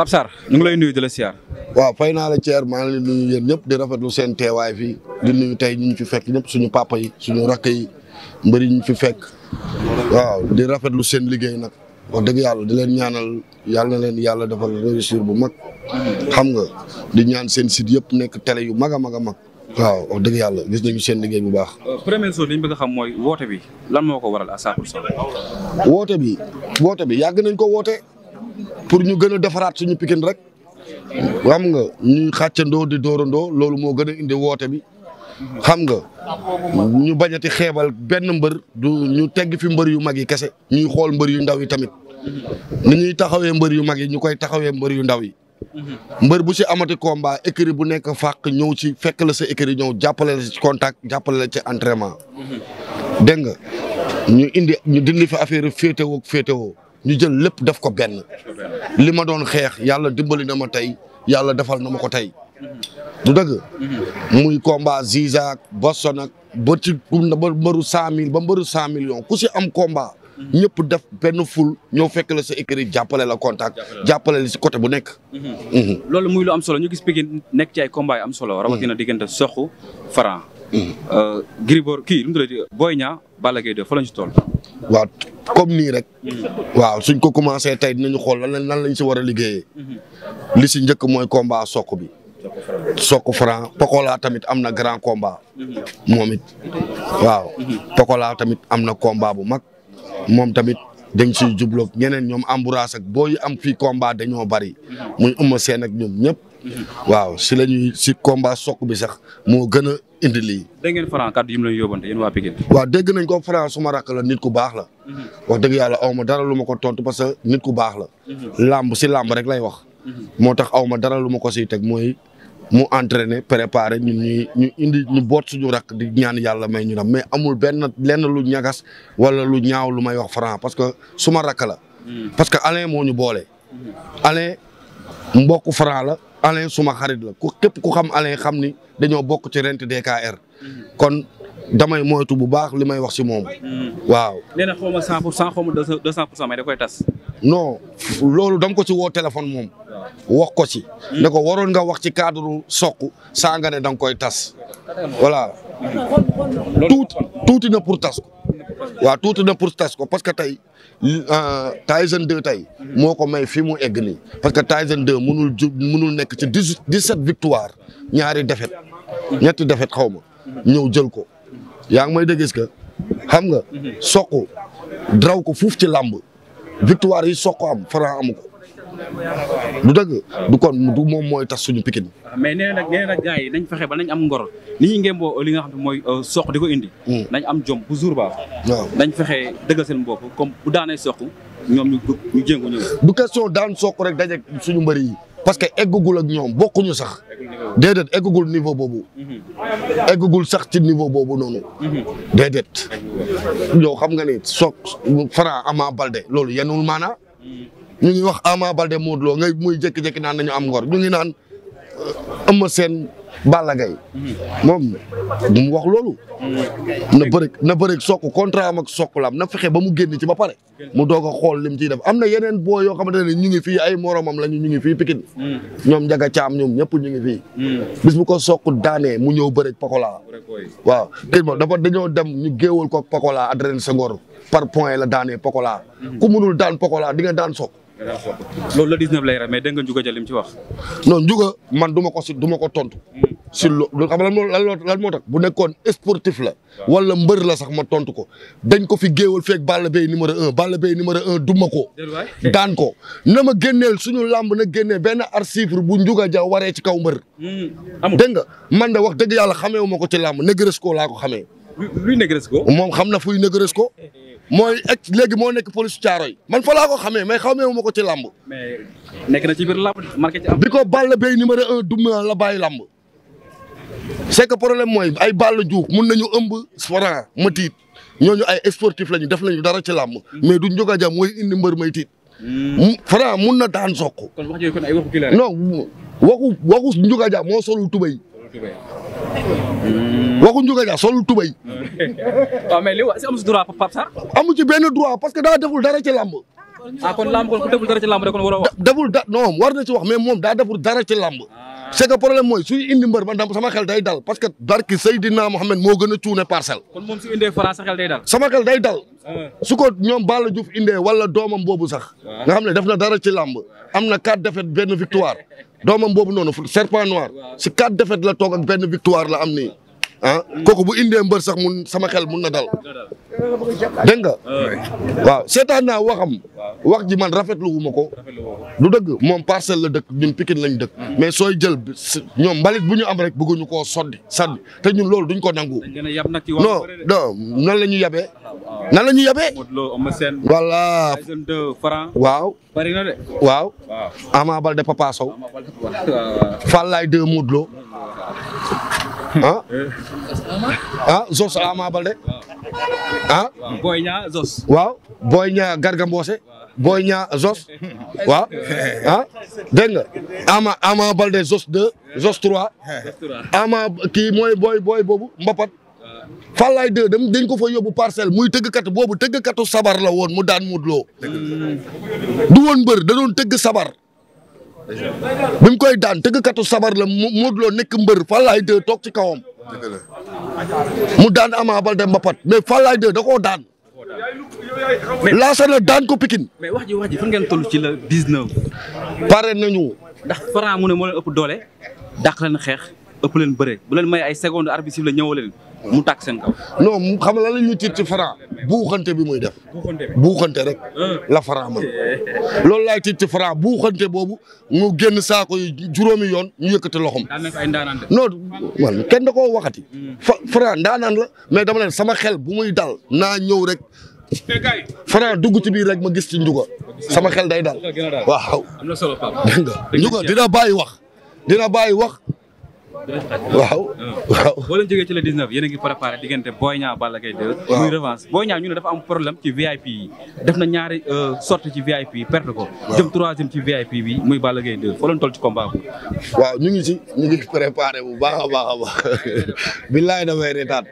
Pape Sarr ñu di la siyaar. waaw fay naa la Thier maa ngi lay nuyu ñëpp di ñu fi fekk ñëpp suñu papa yi suñu rakk yi mbëri fi fekk waaw di rafetlu seen liggéey nag wax dëgg yàlla di leen ñaanal yàlla leen yàlla defal réussir bu mag xam nga di ñaan seen site yëpp nekk tele yu mag a mag a mag. waaw wax dëgg yàlla gis nañu seen liggéey bu baax. Euh, première chose li ñu bëgg xam mooy woote bi lan moo ko waral à 100 pour woote bi woote bi yàgg nañ ko woote pour ñu gën a defaraat suñu Pikine rek xam nga ñuy xàccandoo di dóorandoo loolu moo gën a indi woote bi xam nga ñu bañati xeebal benn mbër du ñu tegg fi mbër yu mag yi kese ñuy xool mbër yu ndaw yi tamit ni ñuy taxawee mbër yu mag yi ñu koy taxawee mbër yu ndaw yi mbër bu si amati combat écurie bu nekk fàq ñëw ci fekk la sa écurie ñëw jàppale la contact jàppale la ci entraînement dégg nga ñu indi ñu dindi fi affaire féetewoo féetewoo ñu jël lépp def ko benn li ma doon xeex yàlla dimbali na ma tey yàlla defal na ma ko tey du dëgg muy combat Ziza ak Boston ak ba ci ba mbaru cent mille ba mbëru cent millions ku si am combat ñëpp def benn ful ñoo fekk la sa écrit jàppale la contact jàppale la si côté bu nekk mhm. loolu muy lu am solo ñu gis Pikine nekk ci ay combat yu am solo rawatina diggante Sokh Franc mhm. euh, Gris Bordeaux kii lu mu tuddati Boy Niang Balla Gaye 2 fa lañ ci comme nii rek. waaw suñ ko commencé tey dinañu xool lan lan lañ si war a liggéeyee. li si njëkk mooy combat soq bi. soq franc Pokola tamit am na grand combat. moom it waaw. Pokola tamit am na combat bu mag moom tamit. dañ si jubloog ñeneen ñoom ambourage ak booy am fii combat dañoo bari muy ëmma seen ak ñoom ñëpp waaw si la ñuy si combat sokk bi sax moo gën a indi lii. dégg ngeen Franc yi mu la ñu waa dégg nañ ko Franc suma rakk la nit ku baax la. Mhm. wax dëgg yàlla aw ma dara lu ko tontu parce que nit ku baax la. Mhm. làmb si làmb rek lay wax. Mhm. moo tax aw ma dara lu ma ko si teg mooy mu entraîné préparé ñun ñuy ñu indi ñu boot suñu rakk di ñaan yàlla may ñu dem mais amul benn lenn lu ñagas wala lu ñaaw lu may wax Franc parce que suma rakk la. parce que Alain moo ñu boole. Alain mbokku Franc la. Alain suma xarit la ku képp ku xam Alain xam ni dañoo bokk ci rent DKR. kon damay moytu bu baax li may wax si moom. Mm-hmm. waaw nee na xaw da koy tas. non loolu dama ko ci woo téléphone moom. wax ko si. Mm-hmm. ne ko waroon nga wax ci cadre soq saa nga ne da nga koy tas. voilà mm-hmm. tuuti tuuti na pour tas ko. waaw tuuti na pour tas ko parce que tey euh, Tyson 2 tey moo ko may fii mu egg nii parce que Tyson 2 mënul ju mënul nekk ci dix dix sept victoire ñaari défaite ñetti défaite xaw ma ñëw jël ko yaa ngi may dégg est-ce xam nga soq draw ko fuuf ci làmb victoire yi soq am Franc amu ko du dëgg du kon du moom mooy tax suñu pikin. mais nee na nañ fexe ba nañ am ngor li ñuy ngémboo li nga xam ne mooy euh, soq di ko indi. Hmm. nañ am jom bu jour baax. nañ fexe dëggal seen bopp comme bu daanee soq ñoom ñu ñu jéngu ñëw. du question daan soq rek daje suñu mbëri yi. parce que eggagul ak ñoom bokkuñu sax. déedéet eggagul niveau boobu. Hmm. eggagul sax ci niveau boobu noonu. Hmm. déedéet. yow xam nga ni soog Franc Ama Baldé loolu yenul maanaa. ñu ngi wax Ama Balde Modou Lo ngay muy jékki-jékki naan nañu am ngor ñu ngi naan euh, Eumeu Sène Balla Gaye moom bu wax loolu. na bëri na bëri Sokh contrat am ak na fexe ba mu génn ci ba pare. mu doog a xool lim ciy def am na yeneen boo yoo xamante ne ñu ngi fii ay moromam lañu ñu ngi fii Pikine. ñoom Ndiaga caam ñoom ñëpp ñu ngi fii. bis bu ko Sokh daanee mu ñëw bëri Pakola. waaw tey moom dafa dañoo dem ñu géewal ko Pakola Adrien Senghor par point la daanee Pakola. ku munul daan Pakola di nga daan Sokh. loolu la 19 lay rek mais dégg nga Ndiouga Dia li mu ci wax. non Ndiouga man du ma ko si ma ko tontu. Hmm. si loolu xam lan moo lan moo tax bu nekkoon sportif la. wala mbër la sax ma tontu ko. dañ ko fi géewal feeg bala Beye numéro un bala Beye numéro un du ma ko. daan ko na ma génneel suñu làmb na génnee benn archive bu Ndiouga jaw waree ci kaw mbër. Hmm. amul dégg nga man de wax dëgg yàlla xamee wu ma ko ci làmb ko laa ko xamee. luy Negresco. moom xam na fuy ko mooy ex léegi moo nekk police Thiaroye man fa laa ko xamee mais xamee wu ma ko ci làmb. nekk na ci biir làmb marqué bi ko Balla Beye numéro un dum la bàyyi lamb c'est que problème mooy ay Balla Diouf mun nañu ëmb sporant ma tiit ñooñu ay sportif lañu def nañu dara ci làmb. Hmm. mais du Ndiogou Dia mooy indi mbër may tiit. Hmm. Franc mun na daan Sokh. kon wax kon ay waxu kii la non waxu moo solul tubéy. Hmm. waxuñ Ndiouga Dia solul tubay. waaw mais li am amu ci benn droit parce que daa deful dara lamb ah, kon làmb kon ku deful dara war a wax. deful da war na ci wax mais moom daa deful dara ci làmb. Ah. c'est que problème mooy suy indi mbër man dama sama xel day dal parce que barki Seydina Mohamed moo gën a cuune parcelle. kon moom su indee Franc sa xel sama xel day dal. Ah. su ko ñoom Balla Diouf indee wala doomam boobu sax. nga xam ne def na dara ci làmb. am na quatre défaites benn victoire doomam boobu noonu serpent noir si quatre défaites la toog ak benn victoire la am nii. ah kooku bu indee mbër sax mun sama xel mun na dal dégg nga waaw seetaan naa waxam wax ji man rafetlu wu ma ko lu dëgg moom parcelle la dëkk ñun pikin lañ dëkk mais sooy jël ñoom mbalit bu ñu am rek bëgguñu koo soddi sànni te ñun loolu duñ ko nangu non non nan la ñu yabee nan la ñu yabee voilà waaw waaw Ama Baldé Papa Sow Fallaye 2 Modou ah. Zos Ama Balde. ah. Boy Niang Zos. waaw Boy Niang Garga Zos. waaw ah dégg nga Ama Ama Balde Zos 2 Zos 3. Ama kii mooy booy booy boobu Mbapat. Fallaye 2 dem dañ ko fa yóbbu parcelle muy tëggkat boobu tëggkatu sabar la woon mu daan mudloo. du woon mbër da doon tëgg sabar. bi mu koy daan katu sabar la Modou Lo nekk mbër Falaye 2 toog ci kawam. mu daan am Ama Baldé mbapat mais Falaye 2 dakoo koo daan. Laasana daan ko Pikine. mais wax ji wax ji fan ngeen toll ci la 19. pare nañu. ndax Franc mu ne moo leen ëpp doole dàq leen xeex ëpp leen bëre bu leen may ay secondes arbitre la ñëw mu tàkk seen kaw. xam nga lan la ñuy tiit ci Franc buuxante bi muy def. buuxante rek. Ah. la Franc man loolu laay tiit ci Franc buuxante boobu mu génn saako yi juróomi yoon ñu yëkkati loxom non man kenn da koo waxati. Hmm. fa ndaanaan la mais dama leen sama xel bu muy dal naa ñëw rek. Franc dugg ci biir rek ma gis ci njuga sama xel day dal. waaw. njuga dina bàyyi wax. dina bàyyi wax waaw waaw boo leen jógee ci le 19 yéen a ngi préparé diggante Boy Niang Balla Gaye 2 muy revanche Boy Niang ñu ne dafa am problème ci VIP yi def ñaari euh, sortie ci VIP yi perte ko jëm troisième ci VIP bi muy Balla Gaye 2 foo ci combat waaw ñu ngi ci ñu ngi préparé bu baax a baax a baax billaay damay reetaat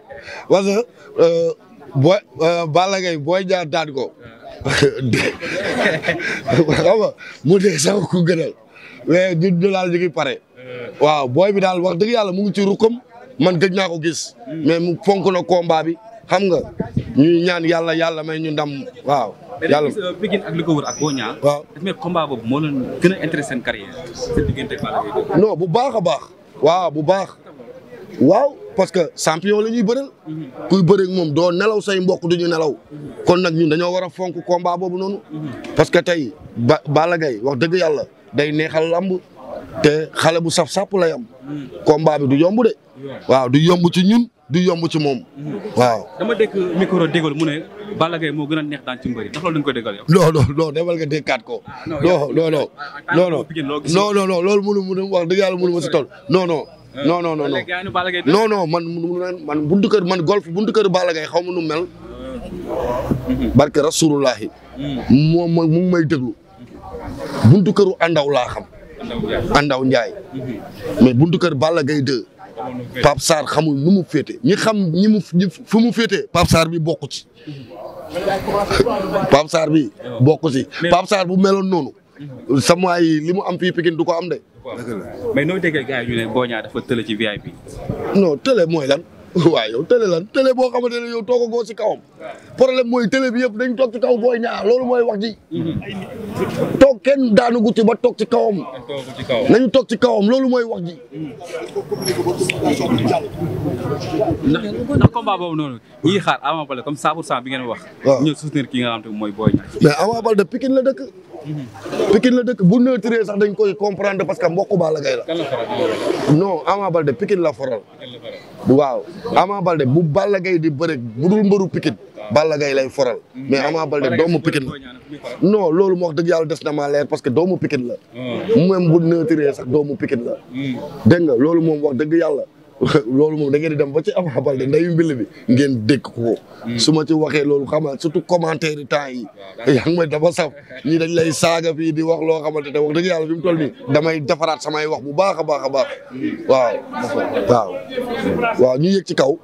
parce que euh, boy euh, ko xam mu dee sax ku gënal mais ñun ñu ñu ngi pare waaw booy bi daal wax dëgg yàlla mu ngi ci rukkam man gëj naa ko gis. mais mu fonk na combat bi xam nga ñuy ñaan yàlla yàlla may ñun ndam waaw. yàlla Pikine li ko wër ak Boña. waaw daf mel combat moo a intéressé seen carrière seen bu baax a baax. waaw bu baax. waaw parce que champion la ñuy bëreel. Mhm. kuy bëreeg moom doo nelaw say mbokk duñu nelaw. Mhm. kon nag ñun dañoo war a fonk combat boobu noonu. Mhm. parce que tey ba Balla Gaye wax dëgg yàlla day neexal lamb. te xale bu saf sap lay am. combat bi du yomb de. waaw du yomb ci ñun du yomb ci moom. waaw dama dégg micro dégal mu ne. Balla Gaye moo gën a neex daan ci ko déggal yow. non non non demal nga déggaat ko. non non non non non non non si toll non non. non non non non non man man buntu kër man golf buntu kër Balla Gaye xaw ma nu mel. Ah. barke rasulullahi mm-hmm. moom mooy mu ngi may déglu buntu këru àndaw laa Andaw Ndiaye mais buntu kër Balla Gaye 2 Pape Sarr xamul nu mu féete ñi xam ñi mu fu mu féete Pape bi bokku ci bi bokku ci Pape Sarr bu meloon noonu sama yi li mu am fii Pikine du ko am de mais noo déggee gars yi ñu ci VIP non mooy lan waaw yow télé lan télé boo xamante ne yow toogagoo si kawam problème mooy télé bi yëpp dañ toog ci kaw booy ñaar loolu mooy wax ji mm-hmm. toog kenn daanu guti ba toog ci kawam nañu toog ci kawam loolu mooy wax ji ndax mm-hmm. ndax combat boobu noonu ñuy xaar Ama Baldé comme cent pour cent bi ngeen wax ñëw soutenir ki nga xam te mooy booy ñaar mais Ama Baldé Pikine la dëkk Mm-hmm. Pikine la dëkk bu neutré sax dañ koy comprendre parce que mbokku Balla Gaye la. non Ama Balde Pikine la faral. waaw Ama Balde bu Balla Gaye di bëre bu dul mbëru Pikine. Balla gay lay foral mm-hmm. mais Ama Balde doomu Pikine la. no loolu moo wax dëgg yàlla des na maa leer parce que doomu Pikine la. Mm. même bu neutré sax doomu Pikine la. Mm. dégg loolu moom wax dëgg yàlla. loolu moom da ngeen di dem ba ci am xabal de ndeyu mbile bi ngeen dégg ko. Hmm. su ma ci waxee loolu xam nga surtout commentaire yi temps yi. yaa ngi may saf ñii dañ lay saaga fii di wax loo xamante ne wax dëgg yàlla fi mu toll nii damay defaraat samay wax bu baax a baax a baax. Hmm. waaw. waaw waaw ñu ci kaw.